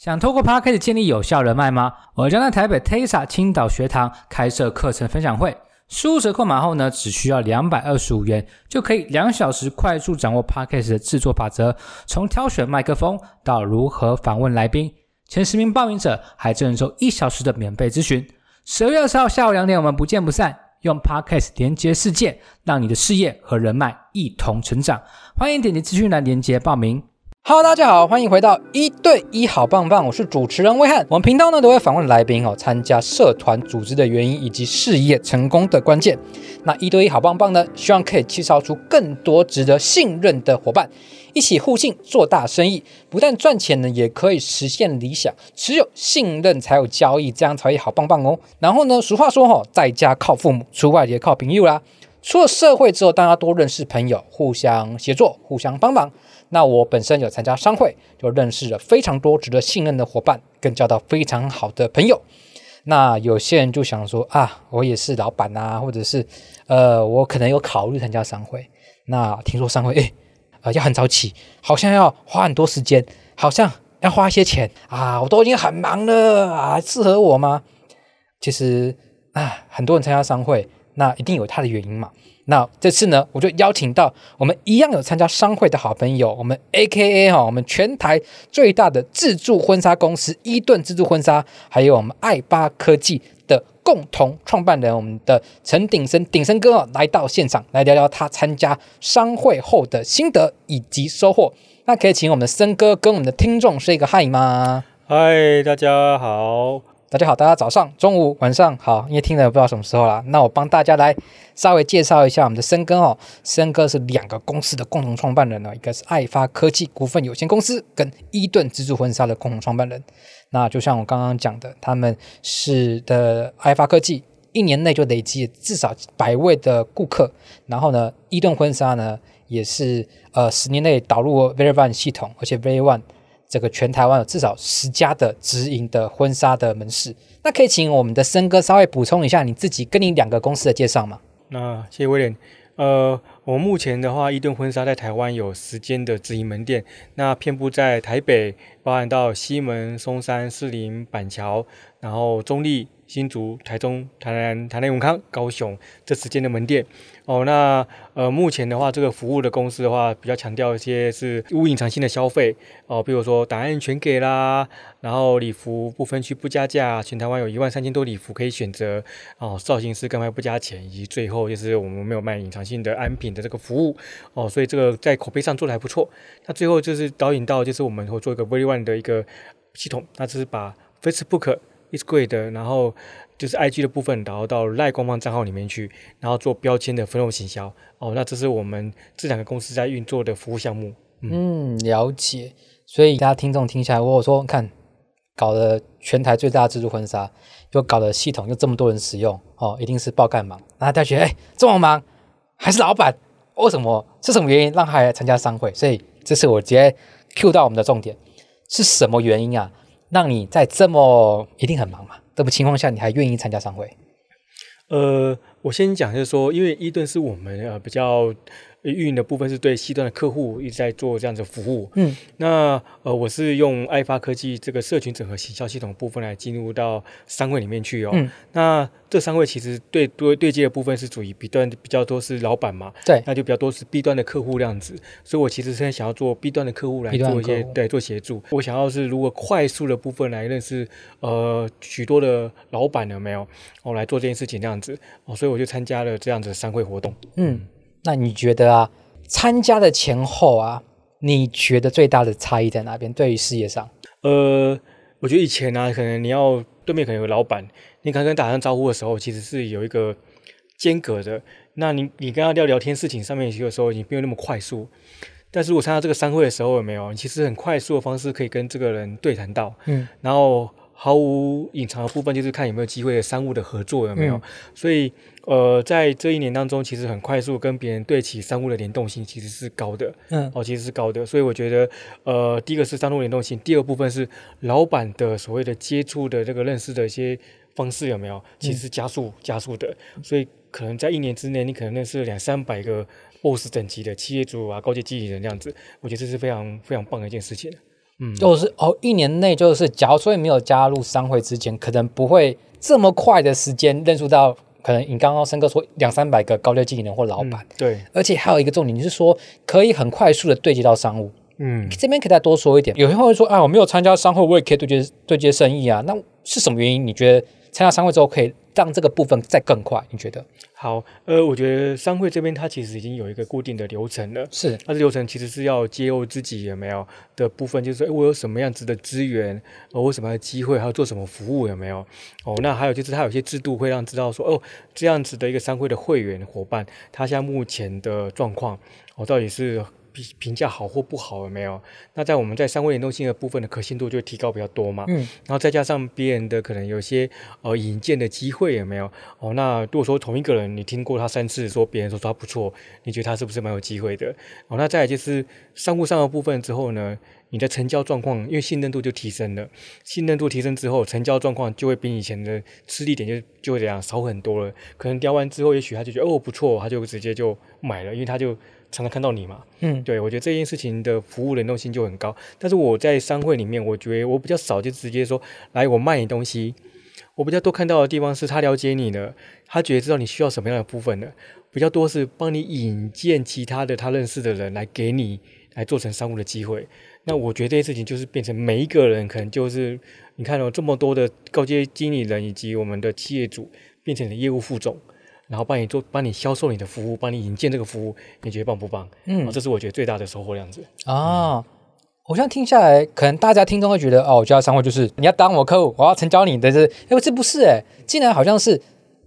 想透過 podcast 建立有效人脈嗎？我將在台北 TeSA 青島學堂開設課程分享會，輸入折扣碼後呢，只需要兩百二十五元，就可以兩小時快速掌握 podcast 的製作法則，從挑選麥克風到如何訪問來賓。前十名報名者還贈送一小時的免費諮詢。十二月二十號下午兩點，我們不見不散。用 podcast 連接世界，讓你的事業和人脈一同成長。歡迎點擊資訊欄連，連接報名。Hello，大家好，歡迎回到一對一好棒棒，我是主持人威翰。我們頻道呢都會訪問來賓哦，參加社團組織的原因以及事業成功的關鍵。那一對一好棒棒呢，希望可以介紹出更多值得信任的伙伴，一起互信做大生意，不但賺錢呢，也可以實現理想。只有信任才有交易，這樣才會好棒棒哦。然後呢，俗話說哈、哦，在家靠父母，出外也靠朋友啦。出了社會之後，大家多認識朋友，互相協作，互相幫忙。那我本身有參加商會，就認識了非常多值得信任的夥伴，更交到非常好的朋友。那有些人就想說啊，我也是老闆啊，或者是呃，我可能有考慮參加商會。那聽說商會，哎，啊、呃、要很早起，好像要花很多時間，好像要花一些錢啊，我都已經很忙了啊，適合我嗎？其實啊，很多人參加商會。那一定有他的原因嘛，那這次呢，我就邀請到我們一樣有參加商會的好朋友，我們 AKA 哈、哦，我們全台最大的自助婚紗公司伊頓自助婚紗，還有我們愛發科技的共同創辦人，我們的程鼎森鼎森哥來到現場來聊聊他參加商會後的心得以及收穫。那可以請我們的森哥跟我們的聽眾說一個嗨嗎？嗨，大家好。大家好，大家早上、中午、晚上好，因為聽了不知道什麼時候了，那我幫大家來稍微介紹一下我們的森哥哦。森哥是兩個公司的共同創辦人呢、哦，一個是愛發科技股份有限公司，跟伊頓自助婚紗的共同創辦人。那就像我剛剛講的，他們是的愛發科技一年內就累積至少百位的顧客，然後呢，伊、e、頓婚紗呢也是呃十年內導入 VeryOne 系統，而且 VeryOne。這個全台灣有至少十家的直營的婚紗的門市，那可以請我們的森哥稍微補充一下你自己跟你兩個公司的介紹嗎？那、呃、謝謝威廉，呃。我目前的話，伊頓婚紗在台灣有十間的直營門店，那遍佈在台北、包含到西門、松山、士林、板橋，然後中壢、新竹、台中、台南、台南永康、高雄這十間的門店。哦，那呃目前的話，這個服務的公司的話，比較強調一些是無隱藏性的消費哦，比如說檔案全給啦，然後禮服不分區不加價，全台灣有一萬三千多禮服可以選擇哦，造型師跟拍不加錢，以及最後就是我們沒有賣隱藏性的安瓶。的這個服務哦，所以這個在口碑上做的還不錯。那最後就是導引到，就是我們會做一個 VeryOne 的一個系統，那這是把 Facebook、Instagram 然後就是 IG 的部分導到賴官方賬號裡面去，然後做標籤的分潤行銷哦。那這是我們這兩個公司在運作的服務項目。嗯，嗯，了解。所以大家聽眾聽下來，我有說看，搞了全台最大的自助婚紗，又搞了系統，又這麼多人使用哦，一定是爆幹忙。那大家，覺得哎，這麼忙，還是老闆？為、哦、什麼？是什麼原因讓他來參加商會？所以，這是我直接 cue 到我們的重點，是什麼原因啊？讓你在這麼一定很忙嘛，這種情況下你還願意參加商會？呃，我先講就是說，因為伊頓是我們呃、啊、比較。運營的部分是對 C 端的客戶一直在做這樣子服務，嗯，那呃我是用愛發科技這個社群整合行銷系統部分來進入到商會裡面去哦，嗯、那這商會其實對對對接的部分是主要 B 端比較多是老闆嘛，對，那就比較多是 B 端的客戶這樣子，所以我其實現在想要做 B 端的客戶來做一些對做協助，我想要是如果快速的部分來認識呃許多的老闆有沒有，我、哦、來做這件事情這樣子，哦，所以我就參加了這樣子商會活動，嗯。那你覺得啊，參加的前後啊，你覺得最大的差異在哪邊？對於事業上，呃，我覺得以前呢、啊，可能你要對面可能有個老板，你剛剛打聲招呼的時候，其實是有一個間隔的。那你你跟他聊聊天事情上面，有時候你沒有那麼快速。但是，我參加這個商會的時候，有沒有其實很快速的方式可以跟這個人對談到？嗯，然後。毫無隱藏的部分，就是看有沒有機會的商務的合作有沒有，嗯、所以呃，在這一年當中，其實很快速跟別人對齊商務的聯動性其實是高的，嗯，哦，其實是高的。所以我覺得，呃，第一個是商務聯動性，第二個部分是老闆的所謂的接觸的這個認識的一些方式有沒有，其實是加速加速的。所以可能在一年之內，你可能認識兩三百個 boss 等級的企業主啊、高級經理人這樣子，我覺得這是非常非常棒的一件事情。嗯、就是哦，一年內就是，假如說你沒有加入商會之前，可能不會這麼快的時間認識到，可能你剛剛森哥說兩三百個高階經理人或老板。嗯、對，而且還有一個重點，你是說可以很快速的對接到商務。嗯，這邊可以再多說一點。有些人會說啊、哎，我沒有參加商會，我也可以對接對接生意啊。那是什麼原因？你覺得參加商會之後可以？讓這個部分再更快，你覺得？好，呃，我覺得商會這邊它其實已經有一個固定的流程了，是。那流程其實是要揭露自己有沒有的部分，就是說我有什麼樣子的資源，呃、我有什麼機會，還要做什麼服務有沒有？哦，那還有就是它有些制度會讓知道說，哦，這樣子的一個商會的會員夥伴，他現在目前的狀況，我、哦、到底是。評評價好或不好有沒有？那在我們在商務聯動性的部分的可信度就提高比較多嘛。嗯，然後再加上別人的可能有些呃引薦的機會有沒有？哦，那如果說同一個人你聽過他三次說，說別人說，說他不錯，你覺得他是不是蠻有機會的？哦，那再就是商務上的部分之後呢，你的成交狀況因為信任度就提升了，信任度提升之後成交狀況就會比以前的吃力點，就就會這樣少很多了。可能聊完之後，也許他就覺得哦，不錯，他就直接就買了，因為他就。常常看到你嘛，嗯，對，我覺得這件事情的服務能動性就很高。但是我在商會裡面，我覺得我比較少就直接說來我賣你東西。我比較多看到的地方是他了解你的，他覺得知道你需要什麼樣的部分的，比較多是幫你引薦其他的他認識的人來給你來做成商務的機會。那我覺得這件事情就是變成每一個人可能就是你看了哦，這麼多的高階經理人以及我們的企業主變成了業務副總。然後幫你做，幫你銷售你的服務，幫你引薦這個服務，你覺得棒不棒？嗯，這是我覺得最大的收穫，這樣子。啊，好像、嗯、聽下來，可能大家聽眾會覺得，哦，我覺得商會就是你要當我客戶，我要成交你，但是，哎，這不是、欸，哎，竟然好像是，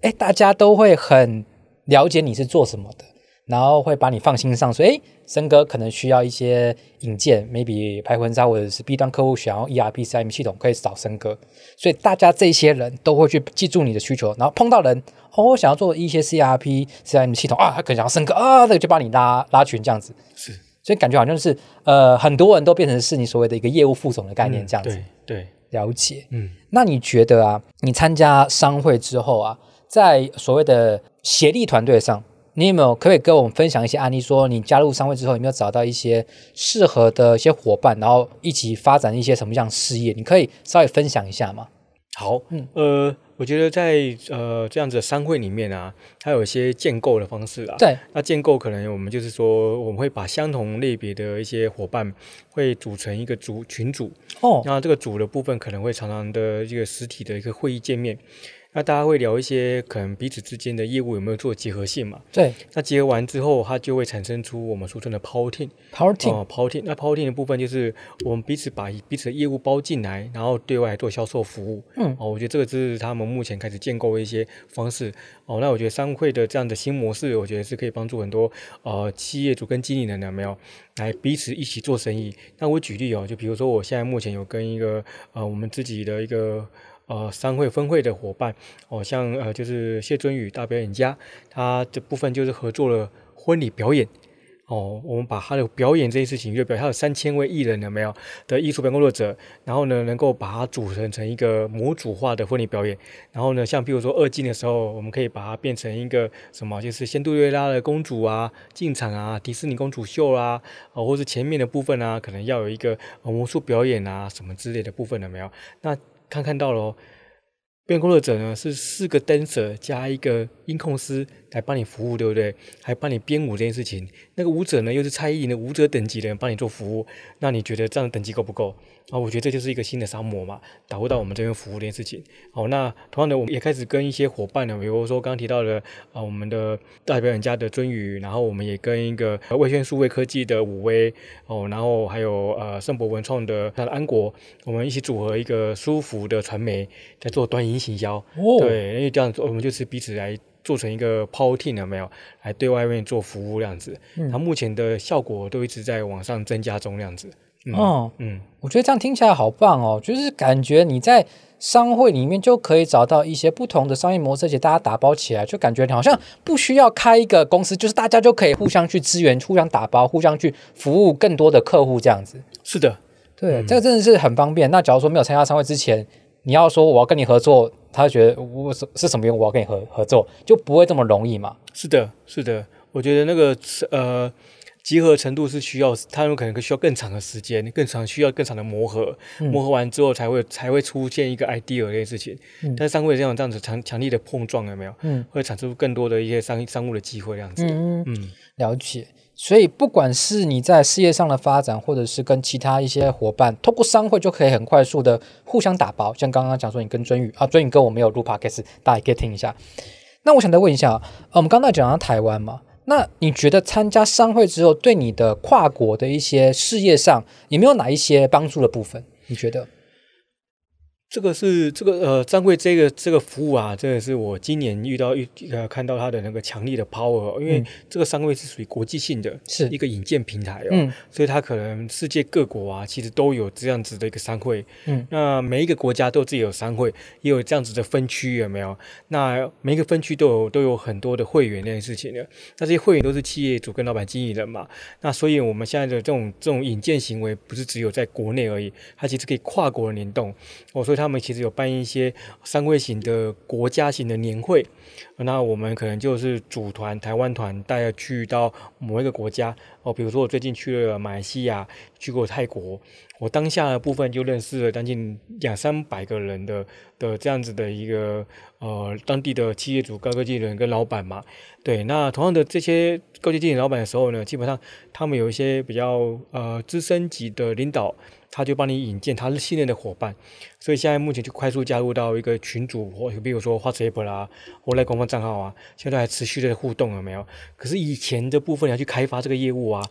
哎、欸，大家都會很了解你是做什麼的。然後會把你放心上，所以，森哥可能需要一些引薦，maybe 拍婚紗或者是 B 端客戶想要 ERP CRM 系統，可以找森哥。所以大家這些人都會去記住你的需求，然後碰到人哦，想要做一些 CRP CRM 系統啊，他可能想要森哥啊，那、這個就把你拉拉群這樣子。是，所以感覺好像、就是呃，很多人都變成是你所謂的一個業務副總的概念這樣子。嗯、對，對。了解。嗯，那你覺得啊，你參加商會之後啊，在所謂的協力團隊上？你有沒有？可以跟我們分享一些案例，說你加入商會之後有沒有找到一些適合的一些夥伴，然後一起發展一些什麼樣的事業？你可以稍微分享一下嗎？好，嗯，呃，我覺得在呃這樣子的商會裡面啊，它有一些建構的方式啊，對，那建構可能我們就是說，我們會把相同類別的一些夥伴會組成一個組群組，哦，那這個組的部分可能會常常的一個實體的一個會議見面。那大家會聊一些可能彼此之間的業務有沒有做結合性嘛？對。那結合完之後，它就會產生出我們俗稱的 power team power team 哦 power team 那 power team 的部分就是我們彼此把彼此的業務包進來，然後對外做銷售服務。嗯。哦、呃，我覺得這個就是他們目前開始建構的一些方式。哦、呃，那我覺得商會的這樣的新模式，我覺得是可以幫助很多呃企業主跟經理人，有沒有？來彼此一起做生意。那我舉例哦，就比如說我現在目前有跟一個呃我們自己的一個。呃，商會分會的夥伴，哦、呃，像呃，就是謝尊宇大表演家，他這部分就是合作了婚禮表演，哦、呃，我們把他的表演這件事情就表演，他有三千位藝人，有沒有的藝術表演工作者，然後呢，能夠把它組成成一個模組化的婚禮表演，然後呢，像比如說二進的時候，我們可以把它變成一個什麼，就是仙度瑞拉的公主啊，進場啊，迪士尼公主秀啊，哦、呃，或是前面的部分啊，可能要有一個魔術、呃、表演啊，什麼之類的部分，有沒有？那。看看到邊工作者呢，是四個 dancer 加一個音控師來幫你服務，對不對？還幫你編舞這件事情，那個舞者呢又是蔡依林的舞者等級的人幫你做服務，那你覺得這樣等級夠不夠？啊，我覺得這就是一個新的商模嘛，導入到我們這邊服務這件事情。好、嗯哦，那同樣的，我們也開始跟一些夥伴呢，比如說剛提到的，啊，我們的代表人家的尊宇，然後我們也跟一個微宣數位科技的武威，哦，然後還有呃盛博文創的,的安國，我們一起組合一個舒服的傳媒，在做端雲行銷。哦、對，因為這樣做，我們就是彼此來做成一個 Power Team 呢，有沒有，來對外面做服務這樣子。嗯、它目前的效果都一直在往上增加中這樣子。嗯、哦，嗯，我覺得這樣聽起來好棒哦，就是感覺你在商會裡面就可以找到一些不同的商業模式，而且大家打包起來，就感覺你好像不需要開一個公司，就是大家就可以互相去支援、互相打包、互相去服務更多的客戶，這樣子。是的，對，嗯、這個真的是很方便。那假如說沒有參加商會之前，你要說我要跟你合作，他覺得我是是什麼原因？我要跟你合合作，就不會這麼容易嘛。是的，是的，我覺得那個呃。集合程度，是需要他們可能需要更長的時間，更長需要更長的磨合，嗯、磨合完之後才會才會出現一個 idea 這件事情。嗯、但是商會這樣這樣子強強力的碰撞有沒有？嗯，會產生更多的一些商商務的機會這樣子。嗯嗯，嗯，了解。所以不管是你在事業上的發展，或者是跟其他一些夥伴，透過商會就可以很快速的互相打包。像剛剛講說，你跟尊宇啊，尊宇哥我沒有錄 podcast，大家也可以聽一下。那我想再問一下，啊、我們剛剛講到台灣嘛？那你覺得參加商會之後，對你的跨國的一些事業上，有沒有哪一些幫助的部分？你覺得？這個是這個呃，商會這個這個服務啊，這個是我今年遇到遇呃看到他的那個強力的 power，哦、因為這個商會是屬於國際性的，是一個引薦平台哦，嗯、所以他可能世界各國啊，其實都有這樣子的一個商會，嗯，那每一個國家都有自己有商會，也有這樣子的分區有沒有？那每一個分區都有都有很多的會員那些事情的，那這些會員都是企業主跟老闆經營的嘛，那所以我們現在的這種這種引薦行為，不是只有在國內而已，它其實可以跨國的聯動，我、哦、所以它。他們其實有辦一些商會型的、國家型的年會，那我們可能就是組團台灣團，大家去到某一個國家哦，比如說我最近去了馬來西亞，去過泰國。我當下的部分就認識了將近兩三百個人的的這樣子的一個呃當地的企業主、高科技人跟老闆嘛。對，那同樣的這些高級經理老闆的時候呢，基本上他們有一些比較呃資深級的領導，他就幫你引薦他是信任的夥伴。所以現在目前就快速加入到一個群組，或比如說花直播啦，後來官方賬號啊，現在還持續的互動有沒有？可是以前的部分要去開發這個業務啊。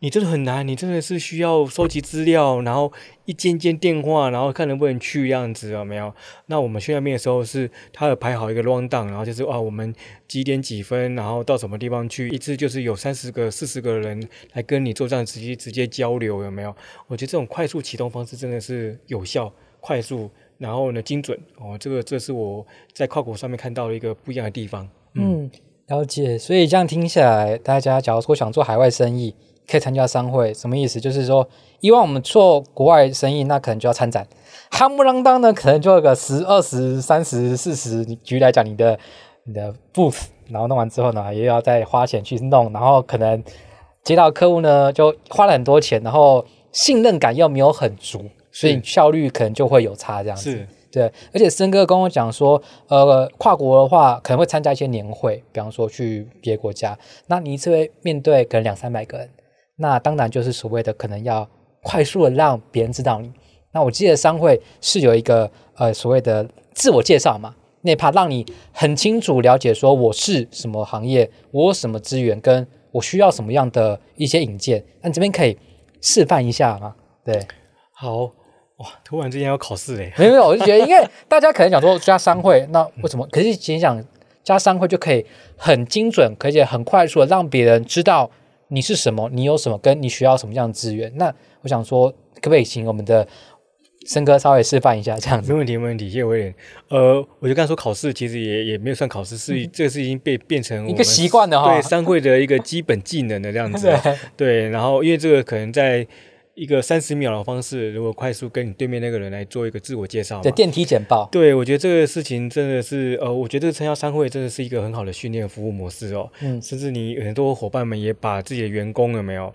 你真的很難，你真的是需要收集資料，然後一間間電話，然後看能不能去這樣子有沒有？那我們訓練面的時候是，他有排好一個 long 檔，然後就是啊，我們幾點幾分，然後到什麼地方去？一次就是有三十個、四十個人來跟你做這樣直接直接交流，有沒有？我覺得這種快速啟動方式真的是有效、快速，然後呢精準哦，這個這是我在跨國上面看到的一個不一樣的地方。嗯，嗯，了解。所以這樣聽下來，大家假如說想做海外生意。可以參加商會，什麼意思？就是說，以往我們做國外生意，那可能就要參展；夯不啷當呢，可能就有個十、二十、三十、四十，你舉例來講你，你的你的 booth，然後弄完之後呢，也要再花錢去弄，然後可能接到客戶呢，就花了很多錢，然後信任感又沒有很足，是所以效率可能就會有差。這樣子，是對。而且森哥跟我講說，呃，跨國的話可能會參加一些年會，比方說去別的國家，那你一次會面對可能兩三百個人。那當然就是所謂的可能要快速的讓別人知道你。那我記得商會是有一個呃，所謂的自我介紹嘛，那怕讓你很清楚了解說我是什麼行業，我什麼資源，跟我需要什麼樣的一些引薦。那你這邊可以示範一下嗎？對，好哇，突然之間要考試嘞。 沒有，沒有，我就覺得因為大家可能想說加商會，那為什麼？嗯、可是其實你想加商會就可以很精準，而且很快速的讓別人知道。你是什麼？你有什麼？跟你需要什麼樣的資源？那我想說可不可以請我們的森哥稍微示範一下這樣子。沒問題，沒問題，謝謝威廉。呃，我就剛才說考試其實也也沒有算考試，是這個是已經被變成我們一個習慣的哈，對商會的一個基本技能的這樣子。 對，對，然後因為這個可能在。一個三十秒的方式，如果快速跟你對面那個人來做一個自我介紹。對，電梯簡報。對，我覺得這個事情真的是，呃，我覺得這個參加商會真的是一個很好的訓練服務模式哦。嗯，甚至你很多夥伴們也把自己的員工有沒有？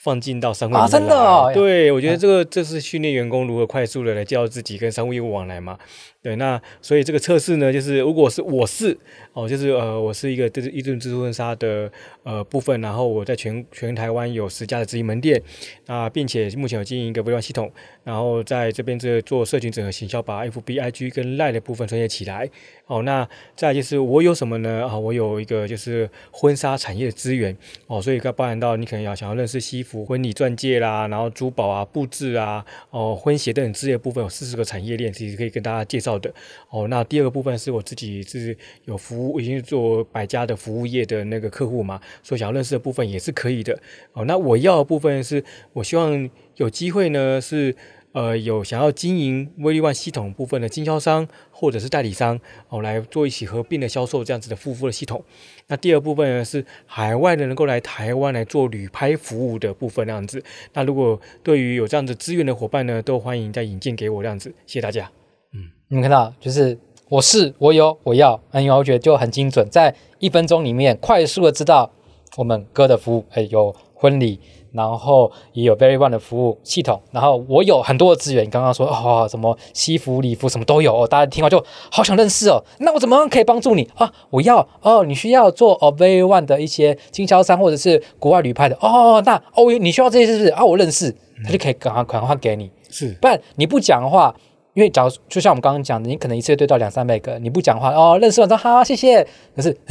放進到商務啊，真的哦，對，我覺得這個這是訓練員工如何快速的來介紹自己跟商務業務往來嘛。對，那所以這個測試呢，就是如果是我是哦，就是呃，我是一個就是伊頓自助婚紗的呃部分，然後我在全全台灣有十家的直營門店，啊，並且目前有經營一個微端系統，然後在這邊這做社群整合行銷，把 F B I G 跟 LINE 的部分串聯起來。哦，那再就是我有什麼呢？啊、哦，我有一個就是婚紗產業資源哦，所以該包含到你可能要想要認識西服、婚禮鑽戒啦，然後珠寶啊、布置啊，哦，婚鞋等之類的部分，有四十個產業鏈，其實可以跟大家介紹的。哦，那第二個部分是我自己是有服務，已經做百家的服務業的那個客戶嘛，所以想要認識的部分也是可以的。哦，那我要的部分是我希望有機會呢是。呃，有想要經營威力旺系統部分的經銷商或者是代理商，哦，來做一起合併的銷售這樣子的護膚的系統。那第二部分呢是海外的能夠來台灣來做旅拍服務的部分那樣子。那如果對於有這樣子資源的夥伴呢，都歡迎再引薦給我這樣子。謝謝大家。嗯，你們看到就是我是我有我要，很因為我覺得就很精準，在一分鐘裡面快速的知道我們哥的服務，哎，有婚禮。然後也有 Very One 的服務系統，然後我有很多的資源。你剛剛說哦，什麼西服、禮服什麼都有，哦、大家聽完就好想認識哦。那我怎麼可以幫助你啊？我要哦，你需要做 Very One 的一些經銷商，或者是國外旅拍的哦。那哦，你需要這些是不是啊？我認識，他，嗯、就可以趕快、趕快給你。是，不然你不講的話，因為假如就像我們剛剛講的，你可能一次對到兩三百個，你不講話哦，認識完之後哈，謝謝。可是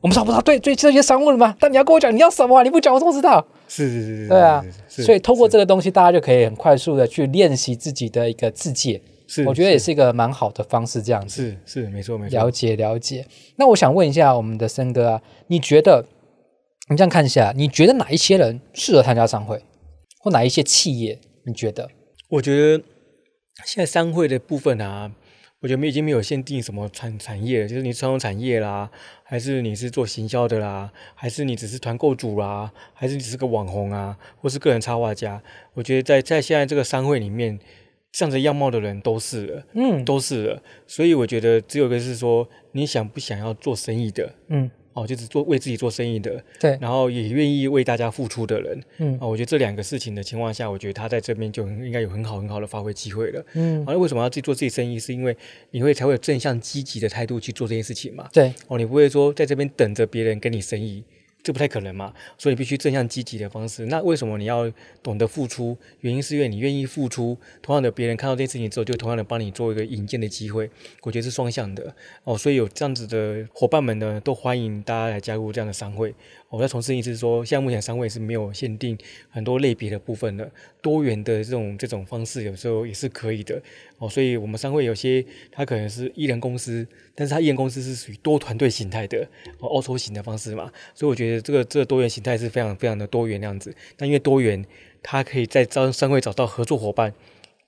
我們找不到對對這些商務的嗎？但你要跟我講你要什麼，啊，你不講我怎麼知道？是是是對啊，所以透過這個東西，大家就可以很快速的去練習自己的一個自介，我覺得也是一個蠻好的方式，這樣子。是是沒錯沒錯。了解了解，那我想問一下我們的森哥啊，你覺得你這樣看一下，你覺得哪一些人適合參加商會，或哪一些企業？你覺得？我覺得現在商會的部分啊。我覺得已經沒有限定什麼產產業，就是你傳統產業啦，還是你是做行銷的啦，還是你只是團購主啦，還是你只是個網紅啊，或是個人插畫家。我覺得在在現在這個商會裡面，像這樣樣貌的人都是嗯，都是的。所以我覺得只有一個是說，你想不想要做生意的，嗯。哦，就是做為自己做生意的，對，然後也願意為大家付出的人，嗯，啊，哦，我覺得這兩個事情的情況下，我覺得他在這邊就應該有很好很好的發揮機會了，嗯，哦，為什麼要自己做自己生意？是因為你會才會有正向積極的態度去做這件事情嘛？對，哦，你不會說在這邊等着別人跟你生意。這不太可能嘛，所以必須正向積極的方式。那為什麼你要懂得付出？原因是因為你願意付出，同樣的別人看到這件事情之後，就會同樣的幫你做一個引薦的機會。我覺得是雙向的哦，所以有這樣子的夥伴們呢，都歡迎大家來加入這樣的商會。我再重申一次，說現在目前商會是沒有限定很多類別的部分的，多元的這種這種方式，有時候也是可以的。哦，所以我們商會有些它可能是藝人公司，但是它藝人公司是屬於多團隊形態的，哦，歐洲型的方式嘛。所以我覺得這個這個多元形態是非常非常的多元那樣子。但因為多元，它可以在招商會找到合作夥伴。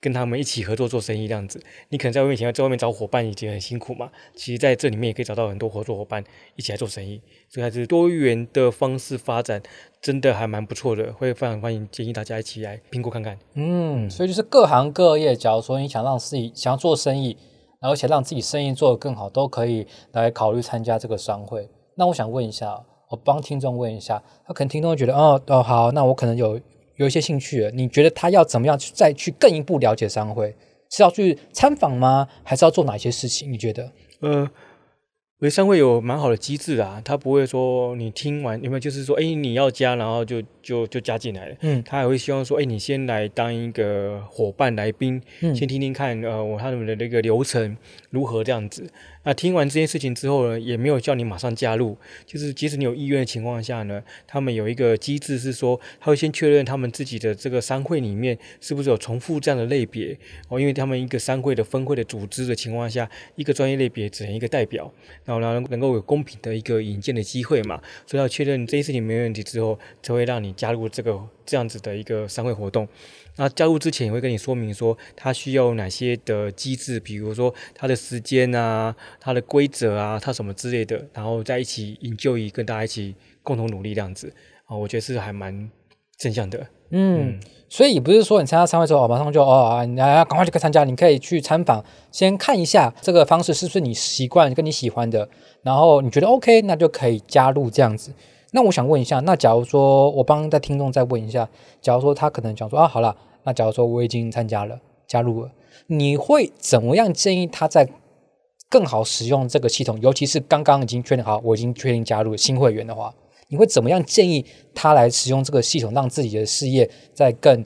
跟他們一起合作做生意，這樣子，你可能在外面想要在外面找夥伴已經很辛苦嘛。其實在這裡面也可以找到很多合作夥伴一起來做生意，所以還是多元的方式發展，真的還蠻不錯的，會非常歡迎建議大家一起來評估看看。嗯，所以就是各行各業，假如說你想讓自己想要做生意，而且讓自己生意做得更好，都可以來考慮參加這個商會。那我想問一下，我幫聽眾問一下，他可能聽眾會覺得，哦哦好，那我可能有。有一些興趣，你覺得他要怎麼樣去再去更一步了解商會？是要去參訪嗎？還是要做哪些事情？你覺得？呃，因為商會有蠻好的機制的啊，他不會說你聽完有沒有就是說，哎，你要加，然後就就就加進來了。嗯，他還會希望說，哎，你先來當一個夥伴來賓，先聽聽看，嗯、呃，我看他們的那個流程如何這樣子。那、啊、聽完這件事情之後呢，也沒有叫你馬上加入，就是即使你有意願的情況下呢，他們有一個機制是說，他會先確認他們自己的這個商會裡面是不是有重複這樣的類別哦，因為他們一個商會的分會的組織的情況下，一個專業類別只能一個代表，然後呢能夠有公平的一個引薦的機會嘛，所以要確認這件事情沒問題之後，才會讓你加入這個這樣子的一個商會活動。那、啊、加入之前也會跟你說明說，他需要哪些的機制，比如說他的時間啊、他的規則啊、他什麼之類的，然後在一起研究一，跟大家一起共同努力這樣子啊，我覺得是還蠻正向的。嗯，嗯，所以也不是說你參加參會之後馬上就哦啊，你要趕快去參加，你可以去參訪，先看一下這個方式是不是你習慣跟你喜歡的，然後你覺得 OK，那就可以加入這樣子。嗯那我想問一下，那假如說我幫在聽眾再問一下，假如說他可能想說啊，好了，那假如說我已經參加了，加入了，你會怎麼樣建議他再更好使用這個系統？尤其是剛剛已經確定好，我已經確定加入新會員的話，你會怎麼樣建議他來使用這個系統，讓自己的事業再更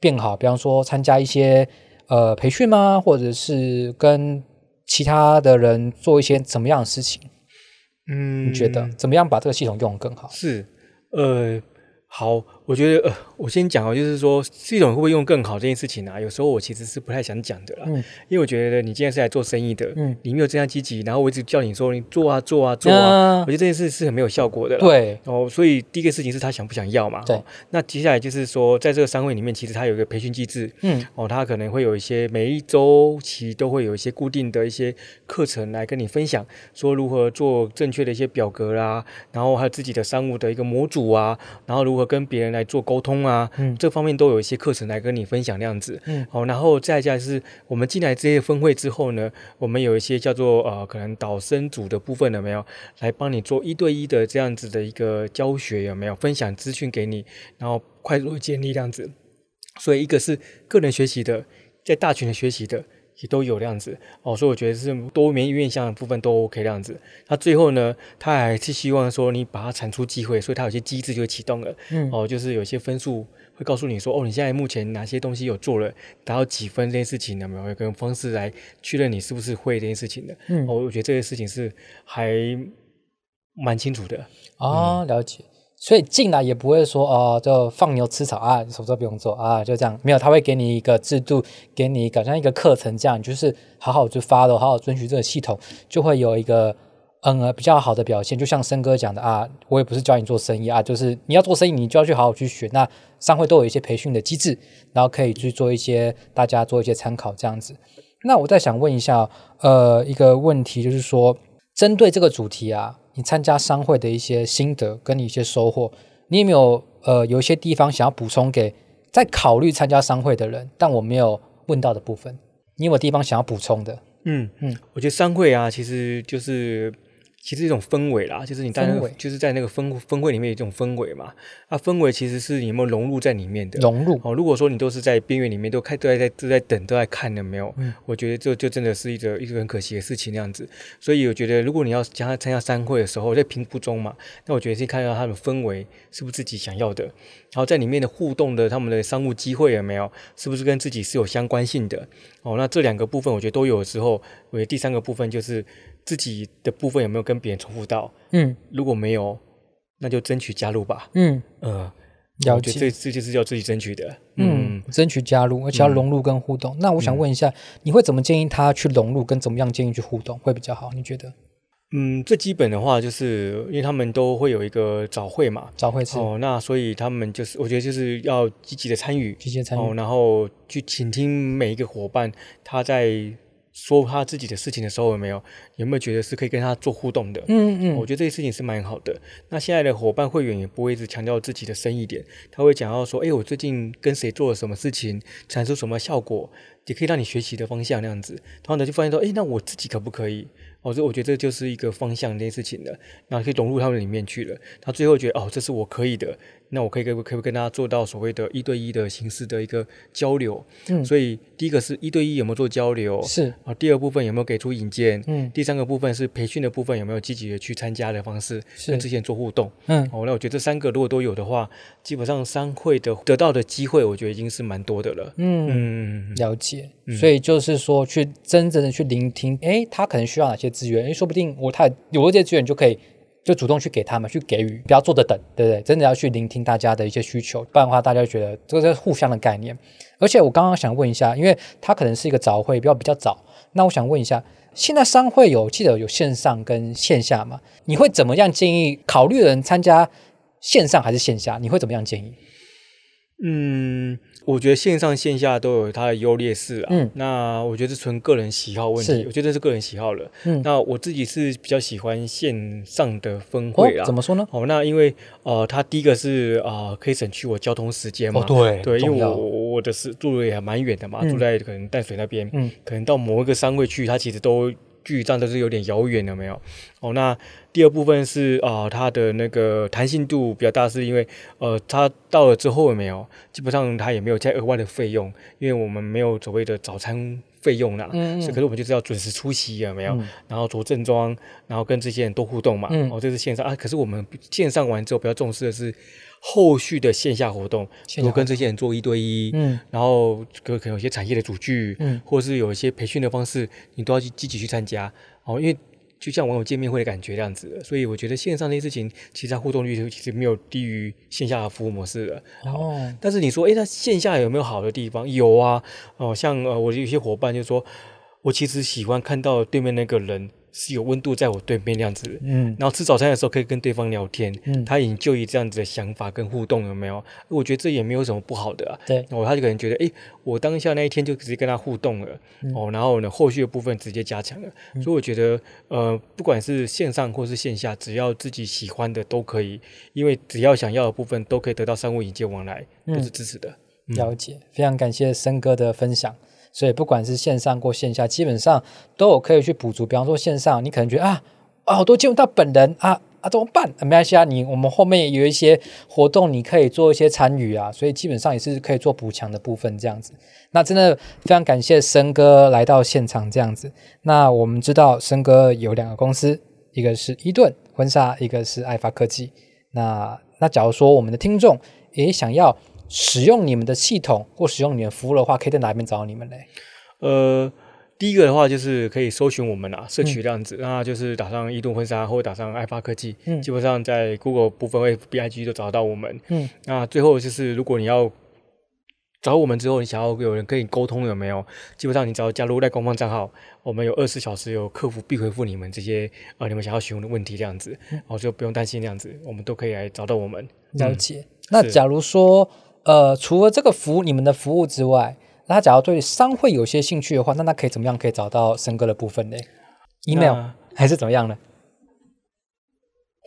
變好？比方說參加一些呃培訓嗎，或者是跟其他的人做一些怎麼樣的事情？嗯，你覺得怎麼樣把這個系統用得更好，嗯？是，呃，好。我覺得呃，我先講啊，就是說系統會不會用更好這件事情啊，有時候我其實是不太想講的啦，嗯、因為我覺得你今天是來做生意的，嗯、你沒有這樣積極，然後我一直叫你說你做啊做啊做啊，做啊嗯、我覺得這件事是很沒有效果的啦。對，哦所以第一個事情是他想不想要嘛。對，那接下來就是說在這個商會裡面，其實它有一個培訓機制，嗯，哦，它可能會有一些每一周期都會有一些固定的一些課程來跟你分享，說如何做正確的一些表格啦、啊，然後還有自己的商務的一個模組啊，然後如何跟別人。來做溝通啊，嗯，這方面都有一些課程來跟你分享，這樣子，嗯，好、哦，然後再加上是我們進來這些分會之後呢，我們有一些叫做呃，可能導生組的部分有沒有來幫你做一對一的這樣子的一個教學，有沒有分享資訊給你，然後快速建立這樣子。所以一個是個人學習的，在大群的學習的。也都有這樣子哦，所以我覺得是多面面向的部分都 OK 這樣子。那最後呢，他還是希望說你把它產出機會，所以他有些機制就啟動了。嗯、哦，就是有些分數會告訴你說，哦，你現在目前哪些東西有做了，達到幾分這件事情有沒有，跟方式來確認你是不是會這件事情的。嗯、哦，我覺得這些事情是還蠻清楚的啊，哦嗯、了解。所以進來也不會說哦、呃，就放牛吃草啊，什麼都不用做啊，就這樣沒有，他會給你一個制度，給你搞像一個課程這樣，就是好好去 follow，好好遵循這個系統，就會有一個嗯比較好的表現。就像森哥講的啊，我也不是教你做生意啊，就是你要做生意，你就要去好好去學。那商會都有一些培訓的機制，然後可以去做一些大家做一些參考這樣子。那我再想問一下，呃，一個問題就是說，針對這個主題啊。你參加商會的一些心得，跟你一些收穫，你有沒有呃，有一些地方想要補充給在考慮參加商會的人？但我沒有問到的部分，你有沒有地方想要補充的？嗯嗯，我覺得商會啊，其實就是。其實一種氛圍啦，就是你當然、那個、氛圍就是在那個分分會裡面有一種氛圍嘛。啊，氛圍其實是你有沒有融入在裡面的？融入哦。如果說你都是在邊緣裡面，都開都在都在都在，都在等都在看了沒有？嗯、我覺得這就，就真的是一個一個很可惜的事情那樣子。所以我覺得如果你要將來參加商會的時候，在評估中嘛，那我覺得先看到他的氛圍是不是自己想要的，然後在裡面的互動的他們的商務機會有沒有，是不是跟自己是有相關性的？哦，那這兩個部分我覺得都有的時候，我覺得第三個部分就是。自己的部分有沒有跟別人重複到？嗯，如果沒有，那就爭取加入吧。嗯，呃，要了解，這這就是要自己爭取的。嗯，嗯爭取加入，而且要融入跟互動。嗯、那我想問一下，嗯、你會怎麼建議他去融入，跟怎麼樣建議去互動會比較好？你覺得？嗯，最基本的話就是，因為他們都會有一個早會嘛，早會是哦，那所以他們就是，我覺得就是要積極的參與，積極參與，然後去傾聽每一個夥伴他在。說他自己的事情的時候，有沒有？有沒有覺得是可以跟他做互動的？嗯嗯、哦，我覺得這個事情是蠻好的。那現在的夥伴會員也不會一直強調自己的生意點，他會講到說：“誒，我最近跟誰做了什麼事情，產生什麼效果，也可以讓你學習的方向那樣子。”然後呢，就發現說：“誒，那我自己可不可以？”哦，這我覺得這就是一個方向，這件事情的，然後可以融入他們裡面去了。他最後覺得：“哦，這是我可以的。”那我可以跟可不可以跟大家做到所謂的一對一的形式的一個交流，嗯，所以第一個是一對一有沒有做交流，是啊，第二部分有沒有給出引薦，嗯，第三個部分是培訓的部分有沒有積極的去參加的方式是跟之前做互動，嗯、哦，那我覺得這三個如果都有的話，基本上商會的得到的機會我覺得已經是蠻多的了，嗯了解，嗯、所以就是說去真正的去聆聽，誒、欸，他可能需要哪些資源，哎、欸，說不定我他有這些資源就可以。就主動去給他們去給予，不要坐着等，對不對？真的要去聆聽大家的一些需求，不然的話大家覺得這個是互相的概念。而且我剛剛想問一下，因為它可能是一個早會，比較比較早。那我想問一下，現在商會有記得，有線上跟線下嗎？你會怎麼樣建議考慮的人參加線上還是線下？你會怎麼樣建議？嗯，我覺得線上線下都有它的優劣勢啊。嗯，那我覺得是純個人喜好問題，是我覺得是個人喜好了。嗯，那我自己是比較喜歡線上的分會啊、哦。怎麼說呢？哦，那因為呃，他第一個是啊、呃，可以省去我交通時間嘛。哦、對。對，因為我要我的是住的也蠻遠的嘛，住在可能淡水那邊，嗯，可能到某一個商會去，他其實都。距離上都是有點遙遠了，沒有哦。那第二部分是啊、呃，它的那個彈性度比較大，是因為呃，它到了之後了沒有，基本上它也沒有再額外的費用，因為我們沒有所謂的早餐費用啦。嗯，嗯。所以可是我們就是要準時出席，有沒有？嗯。然後着正裝，然後跟這些人都互動嘛。哦，這是線上啊，可是我們線上完之後，比較重視的是，後續的線下活動，比如跟這些人做一對一，嗯，然後可可能有些產業的組聚，嗯，或者是有一些培訓的方式，你都要去積極去參加，哦，因為就像網友見面會的感覺這樣子，所以我覺得線上那些事情，其實它互動率其實沒有低於線下的服務模式的。哦，但是你說，誒，它線下有沒有好的地方？有啊，哦，像呃，我有些伙伴就說，我其實喜歡看到對面那個人。是有溫度在我對面那樣子，嗯，然後吃早餐的時候可以跟對方聊天，嗯，他已經就以這樣子的想法跟互動，有沒有？我覺得這也沒有什麼不好的、啊、對。我、哦、他就可能覺得、欸，我當下那一天就直接跟他互動了，嗯、哦，然後呢，後續的部分直接加強了，嗯、所以我覺得，呃，不管是線上或是線下，只要自己喜歡的都可以，因為只要想要的部分都可以得到商務引薦往來，嗯、都是支持的。了解，嗯、非常感謝森哥的分享。所以不管是線上或線下，基本上都有可以去補足。比方說線上，你可能覺得啊，啊，好多見不到本人啊啊，怎麼辦？啊，沒關係啊，你我們後面有一些活動，你可以做一些參與啊，所以基本上也是可以做補強的部分這樣子。那真的非常感謝森哥來到現場這樣子。那我們知道森哥有兩個公司，一個是伊頓婚紗，一個是愛發科技。那那假如說我們的聽眾也想要。使用你們的系統或使用你的服務的話，可以在哪邊找你們嘞？呃，第一個的話就是可以搜尋我們啊，社群，這樣子。嗯、那就是打上“伊頓婚紗”或打上“愛發科技”，嗯、基本上在 Google 部分或 B I G 都找得到我們。嗯，那最後就是如果你要找我們之後，你想要有人跟你溝通有沒有？基本上你只要加入 LINE 官方帳號，我們有二十四小時有客服必回復你們這些呃你們想要詢問的問題這樣子，然後、嗯、就不用擔心這樣子，我們都可以來找到我們、嗯嗯、了解。是那假如說呃，除了這個服務，你們的服務之外，那假如對商會有些興趣的話，那他可以怎麼樣可以找到森哥的部分呢那？Email 還是怎麼樣呢？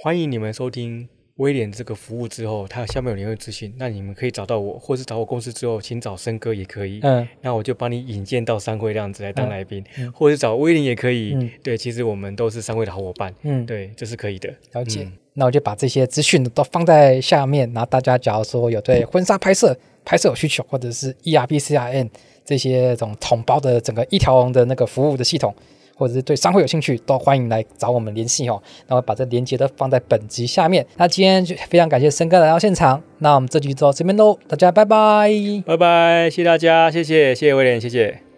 歡迎你們收聽。威廉這個服務之後，他下面有聯絡資訊，那你們可以找到我，或是找我公司之後，請找森哥也可以。嗯，那我就幫你引薦到三位這樣子來當來賓，嗯、或者是找威廉也可以。嗯、對，其實我們都是三位的好夥伴。嗯，對，這是可以的。了解。嗯、那我就把這些資訊都放在下面，然後大家假如說有對婚紗拍攝拍攝有需求，或者是 E R P C R M 這些種統包的整個一條龍的那個服務的系統。或者是對商會有興趣，都歡迎來找我們聯繫哦。然後把這連結都放在本集下面。那今天就非常感謝森哥來到現場。那我們這集就到這邊嘍，大家拜拜，拜拜，謝謝大家，謝謝，謝謝威廉，謝謝。